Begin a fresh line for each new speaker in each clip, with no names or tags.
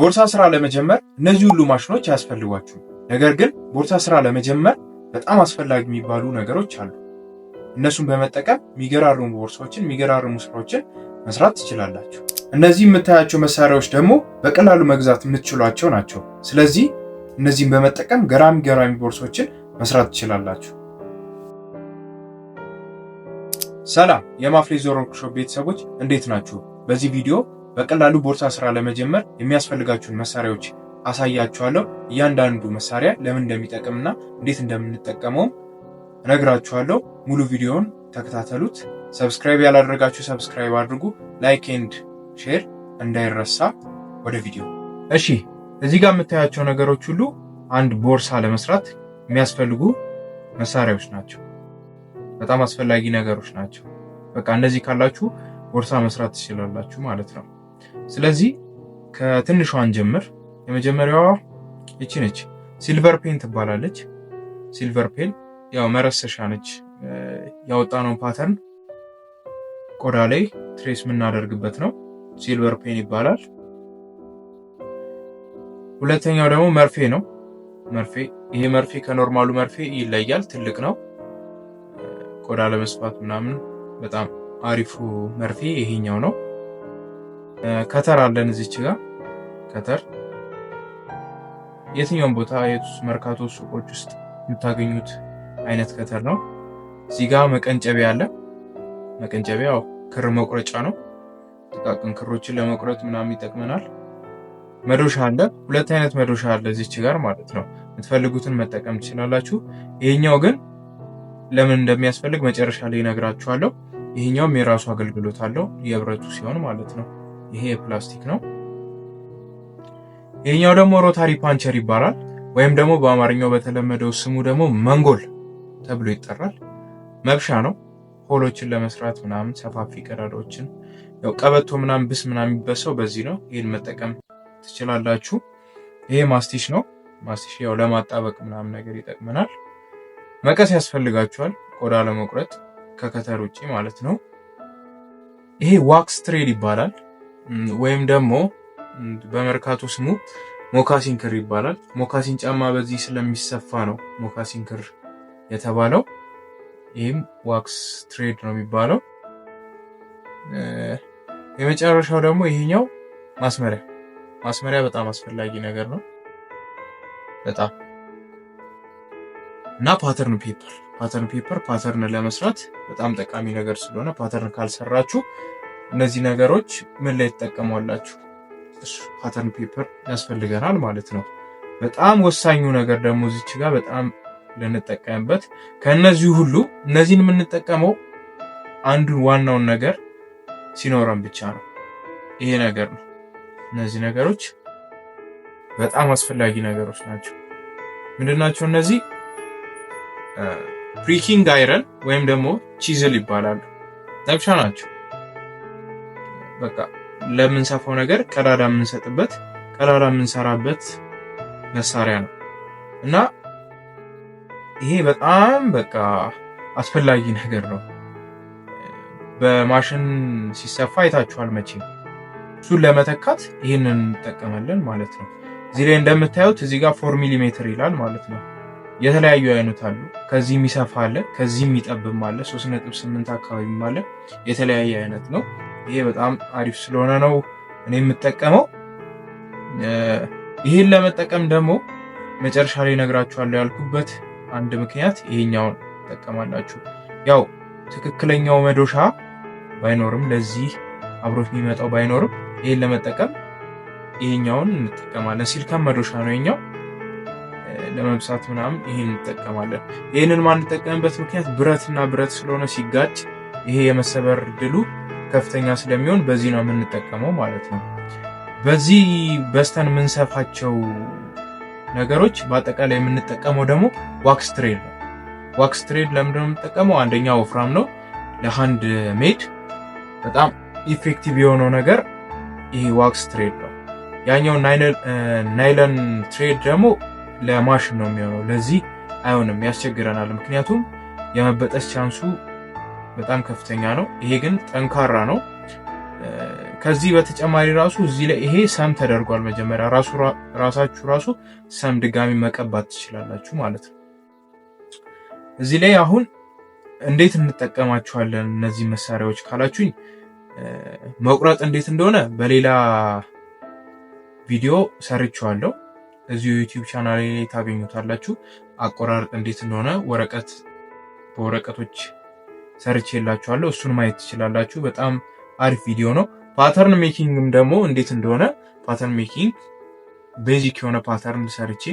ቦርሳ ስራ ለመጀመር እነዚህ ሁሉ ማሽኖች አያስፈልጓችሁም። ነገር ግን ቦርሳ ስራ ለመጀመር በጣም አስፈላጊ የሚባሉ ነገሮች አሉ። እነሱን በመጠቀም የሚገራርሙ ቦርሳዎችን፣ የሚገራርሙ ስራዎችን መስራት ትችላላችሁ። እነዚህ የምታያቸው መሳሪያዎች ደግሞ በቀላሉ መግዛት የምትችሏቸው ናቸው። ስለዚህ እነዚህን በመጠቀም ገራሚ ገራሚ ቦርሳዎችን መስራት ትችላላችሁ። ሰላም የማፍሌ ዞር ወርክሾፕ ቤተሰቦች እንዴት ናችሁ? በዚህ ቪዲዮ በቀላሉ ቦርሳ ስራ ለመጀመር የሚያስፈልጋችሁን መሳሪያዎች አሳያችኋለሁ። እያንዳንዱ መሳሪያ ለምን እንደሚጠቅምና እንዴት እንደምንጠቀመውም ነግራችኋለሁ። ሙሉ ቪዲዮውን ተከታተሉት። ሰብስክራይብ ያላደረጋችሁ ሰብስክራይብ አድርጉ። ላይክ ኤንድ ሼር እንዳይረሳ። ወደ ቪዲዮ። እሺ እዚህ ጋር የምታያቸው ነገሮች ሁሉ አንድ ቦርሳ ለመስራት የሚያስፈልጉ መሳሪያዎች ናቸው። በጣም አስፈላጊ ነገሮች ናቸው። በቃ እነዚህ ካላችሁ ቦርሳ መስራት ትችላላችሁ ማለት ነው። ስለዚህ ከትንሿን ጀምር። የመጀመሪያዋ ይቺ ነች፣ ሲልቨር ፔን ትባላለች። ሲልቨር ፔን ያው መረሰሻ ነች። ያወጣነው ፓተርን ቆዳ ላይ ትሬስ የምናደርግበት ነው፣ ሲልቨር ፔን ይባላል። ሁለተኛው ደግሞ መርፌ ነው። መርፌ ይሄ መርፌ ከኖርማሉ መርፌ ይለያል። ትልቅ ነው። ቆዳ ለመስፋት ምናምን በጣም አሪፉ መርፌ ይሄኛው ነው። ከተር አለን እዚች ጋር ከተር የትኛውን ቦታ የቱስ መርካቶ ሱቆች ውስጥ የምታገኙት አይነት ከተር ነው። እዚህ ጋ መቀንጨቢያ አለ። መቀንጨቢያ ክር መቁረጫ ነው። ጥቃቅን ክሮችን ለመቁረጥ ምናምን ይጠቅመናል። መዶሻ አለ። ሁለት አይነት መዶሻ አለ እዚች ጋር ማለት ነው። የምትፈልጉትን መጠቀም ትችላላችሁ። ይሄኛው ግን ለምን እንደሚያስፈልግ መጨረሻ ላይ ነግራችኋለሁ። ይሄኛውም የራሱ አገልግሎት አለው የብረቱ ሲሆን ማለት ነው። ይሄ ፕላስቲክ ነው። ይሄኛው ደግሞ ሮታሪ ፓንቸር ይባላል ወይም ደግሞ በአማርኛው በተለመደው ስሙ ደግሞ መንጎል ተብሎ ይጠራል። መብሻ ነው። ሆሎችን ለመስራት ምናምን ሰፋፊ ቀዳዳዎችን ያው ቀበቶ ምናምን ብስ ምናምን የሚበሳው በዚህ ነው። ይህን መጠቀም ትችላላችሁ። ይሄ ማስቲሽ ነው። ማስቲሽ ያው ለማጣበቅ ምናምን ነገር ይጠቅመናል። መቀስ ያስፈልጋችኋል፣ ቆዳ ለመቁረጥ ከከተር ውጭ ማለት ነው። ይሄ ዋክስ ትሬድ ይባላል። ወይም ደግሞ በመርካቶ ስሙ ሞካሲን ክር ይባላል። ሞካሲን ጫማ በዚህ ስለሚሰፋ ነው ሞካሲን ክር የተባለው። ይህም ዋክስ ትሬድ ነው የሚባለው። የመጨረሻው ደግሞ ይሄኛው ማስመሪያ። ማስመሪያ በጣም አስፈላጊ ነገር ነው። በጣም እና ፓተርን ፔፐር ፓተርን ፔፐር ፓተርን ለመስራት በጣም ጠቃሚ ነገር ስለሆነ ፓተርን ካልሰራችሁ እነዚህ ነገሮች ምን ላይ ትጠቀሟላችሁ? ፓተርን ፔፐር ያስፈልገናል ማለት ነው። በጣም ወሳኙ ነገር ደግሞ እዚች ጋር በጣም ልንጠቀምበት ከእነዚህ ሁሉ እነዚህን የምንጠቀመው አንዱን ዋናውን ነገር ሲኖረን ብቻ ነው። ይሄ ነገር ነው። እነዚህ ነገሮች በጣም አስፈላጊ ነገሮች ናቸው። ምንድናቸው እነዚህ? ፕሪኪንግ አይረን ወይም ደግሞ ቺዝል ይባላሉ። ጠብሻ ናቸው። በቃ ለምንሰፋው ነገር ቀዳዳ የምንሰጥበት ቀዳዳ የምንሰራበት መሳሪያ ነው እና ይሄ በጣም በቃ አስፈላጊ ነገር ነው። በማሽን ሲሰፋ አይታችኋል መቼ። እሱን ለመተካት ይህንን እንጠቀማለን ማለት ነው። እዚህ ላይ እንደምታዩት እዚህ ጋር ፎር ሚሊሜትር ይላል ማለት ነው። የተለያዩ አይነት አሉ። ከዚህ የሚሰፋ አለ፣ ከዚህ የሚጠብም አለ። ማለ አካባቢም አለ። የተለያየ አይነት ነው። ይሄ በጣም አሪፍ ስለሆነ ነው እኔ የምጠቀመው። ይህን ለመጠቀም ደግሞ መጨረሻ ላይ ነግራችኋለሁ ያልኩበት አንድ ምክንያት ይሄኛውን ትጠቀማላችሁ። ያው ትክክለኛው መዶሻ ባይኖርም ለዚህ አብሮት የሚመጣው ባይኖርም ይህን ለመጠቀም ይሄኛውን እንጠቀማለን። ሲልካም መዶሻ ነው ይኛው ለመብሳት ምናምን ይህን እንጠቀማለን። ይህንን ማንጠቀምበት ምክንያት ብረትና ብረት ስለሆነ ሲጋጭ ይሄ የመሰበር ድሉ ከፍተኛ ስለሚሆን በዚህ ነው የምንጠቀመው ማለት ነው። በዚህ በስተን የምንሰፋቸው ነገሮች በአጠቃላይ የምንጠቀመው ደግሞ ዋክስ ትሬድ ነው። ዋክስ ትሬድ ለምንድነው የምንጠቀመው? አንደኛ ወፍራም ነው። ለሃንድ ሜድ በጣም ኢፌክቲቭ የሆነው ነገር ይሄ ዋክስ ትሬድ ነው። ያኛው ናይለን ትሬድ ደግሞ ለማሽን ነው የሚሆነው። ለዚህ አይሆንም፣ ያስቸግረናል። ምክንያቱም የመበጠስ ቻንሱ በጣም ከፍተኛ ነው። ይሄ ግን ጠንካራ ነው። ከዚህ በተጨማሪ ራሱ እዚህ ላይ ይሄ ሰም ተደርጓል። መጀመሪያ ራሳችሁ ራሱ ሰም ድጋሚ መቀባት ትችላላችሁ ማለት ነው። እዚህ ላይ አሁን እንዴት እንጠቀማቸዋለን እነዚህ መሳሪያዎች ካላችሁኝ፣ መቁረጥ እንዴት እንደሆነ በሌላ ቪዲዮ ሰርቸዋለሁ። እዚሁ ዩቲዩብ ቻናል ላይ ታገኙታላችሁ። አቆራረጥ እንዴት እንደሆነ ወረቀት በወረቀቶች ሰርቼላችኋለሁ። እሱን ማየት ትችላላችሁ። በጣም አሪፍ ቪዲዮ ነው። ፓተርን ሜኪንግም ደግሞ እንዴት እንደሆነ ፓተርን ሜኪንግ ቤዚክ የሆነ ፓተርን ሰርቼ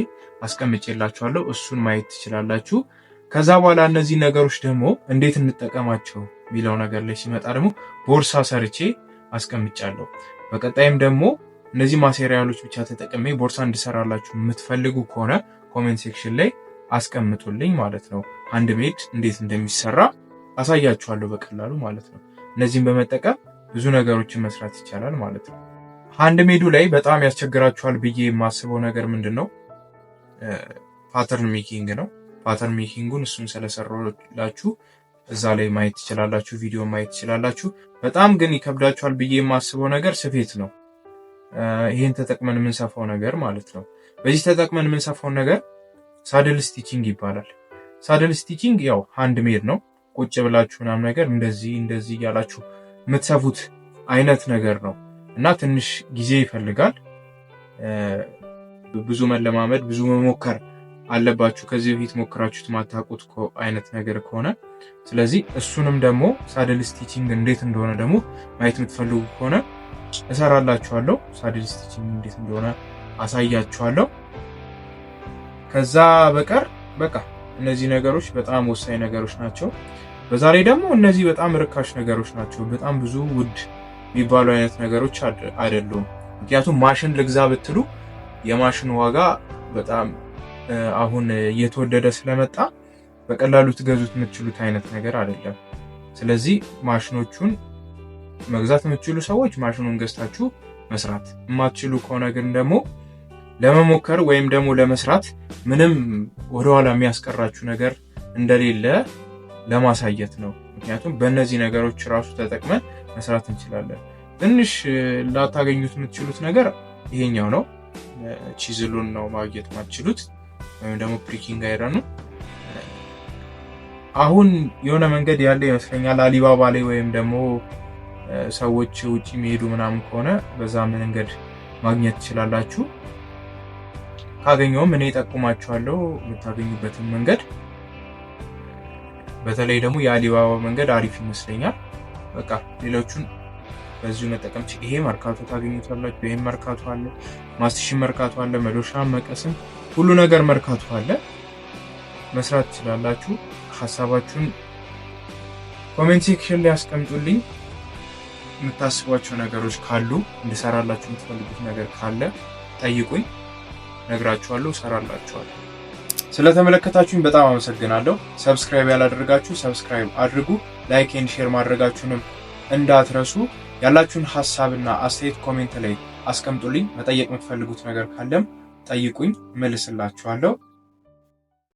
አስቀምጬላችኋለሁ። እሱን ማየት ትችላላችሁ። ከዛ በኋላ እነዚህ ነገሮች ደግሞ እንዴት እንጠቀማቸው የሚለው ነገር ላይ ሲመጣ ደግሞ ቦርሳ ሰርቼ አስቀምጫለሁ። በቀጣይም ደግሞ እነዚህ ማቴሪያሎች ብቻ ተጠቅሜ ቦርሳ እንድሰራላችሁ የምትፈልጉ ከሆነ ኮሜንት ሴክሽን ላይ አስቀምጡልኝ ማለት ነው። አንድ ሜድ እንዴት እንደሚሰራ አሳያችኋለሁ በቀላሉ ማለት ነው። እነዚህን በመጠቀም ብዙ ነገሮችን መስራት ይቻላል ማለት ነው። ሃንድ ሜዱ ላይ በጣም ያስቸግራችኋል ብዬ የማስበው ነገር ምንድን ነው? ፓተርን ሜኪንግ ነው። ፓተርን ሜኪንጉን እሱን ስለሰራላችሁ እዛ ላይ ማየት ትችላላችሁ፣ ቪዲዮ ማየት ትችላላችሁ። በጣም ግን ይከብዳችኋል ብዬ የማስበው ነገር ስፌት ነው። ይህን ተጠቅመን የምንሰፋው ነገር ማለት ነው። በዚህ ተጠቅመን የምንሰፋው ነገር ሳድል ስቲቺንግ ይባላል። ሳድል ስቲቺንግ ያው ሃንድ ሜድ ነው። ቁጭ ብላችሁ ምናምን ነገር እንደዚህ እንደዚህ እያላችሁ የምትሰፉት አይነት ነገር ነው እና ትንሽ ጊዜ ይፈልጋል። ብዙ መለማመድ፣ ብዙ መሞከር አለባችሁ ከዚህ በፊት ሞክራችሁት ማታውቁት አይነት ነገር ከሆነ ስለዚህ እሱንም ደግሞ ሳድል ስቲቺንግ እንዴት እንደሆነ ደግሞ ማየት የምትፈልጉ ከሆነ እሰራላችኋለሁ። ሳድል ስቲቺንግ እንዴት እንደሆነ አሳያችኋለሁ። ከዛ በቀር በቃ እነዚህ ነገሮች በጣም ወሳኝ ነገሮች ናቸው። በዛሬ ደግሞ እነዚህ በጣም ርካሽ ነገሮች ናቸው። በጣም ብዙ ውድ የሚባሉ አይነት ነገሮች አይደሉም። ምክንያቱም ማሽን ልግዛ ብትሉ የማሽን ዋጋ በጣም አሁን እየተወደደ ስለመጣ በቀላሉ ትገዙት የምትችሉት አይነት ነገር አይደለም። ስለዚህ ማሽኖቹን መግዛት የምትችሉ ሰዎች ማሽኑን ገዝታችሁ መስራት የማትችሉ ከሆነ ግን ደግሞ ለመሞከር ወይም ደግሞ ለመስራት ምንም ወደኋላ የሚያስቀራችሁ ነገር እንደሌለ ለማሳየት ነው። ምክንያቱም በእነዚህ ነገሮች ራሱ ተጠቅመን መስራት እንችላለን። ትንሽ ላታገኙት የምትችሉት ነገር ይሄኛው ነው። ቺዝሉን ነው ማግኘት ማትችሉት፣ ወይም ደግሞ ፕሪኪንግ አይረኑ አሁን የሆነ መንገድ ያለ ይመስለኛል አሊባባ ላይ ወይም ደግሞ ሰዎች ውጭ የሚሄዱ ምናምን ከሆነ በዛ መንገድ ማግኘት ትችላላችሁ። ካገኘውም እኔ እጠቁማችኋለሁ የምታገኙበትን መንገድ በተለይ ደግሞ የአሊባባ መንገድ አሪፍ ይመስለኛል። በቃ ሌሎቹን በዚሁ መጠቀም ይሄ መርካቶ ታገኙታላችሁ። ይሄም መርካቶ አለ፣ ማስትሽ መርካቶ አለ፣ መዶሻ መቀስም፣ ሁሉ ነገር መርካቶ አለ። መስራት ትችላላችሁ። ሀሳባችሁን ኮሜንት ሴክሽን ላይ ያስቀምጡልኝ። የምታስቧቸው ነገሮች ካሉ እንድሰራላችሁ የምትፈልጉት ነገር ካለ ጠይቁኝ፣ ነግራችኋለሁ፣ ሰራላችኋለሁ። ስለተመለከታችሁኝ በጣም አመሰግናለሁ። ሰብስክራይብ ያላደረጋችሁ ሰብስክራይብ አድርጉ። ላይክ ኤንድ ሼር ማድረጋችሁንም እንዳትረሱ። ያላችሁን ሀሳብና አስተያየት ኮሜንት ላይ አስቀምጡልኝ። መጠየቅ የምትፈልጉት ነገር ካለም ጠይቁኝ፣ መልስላችኋለሁ።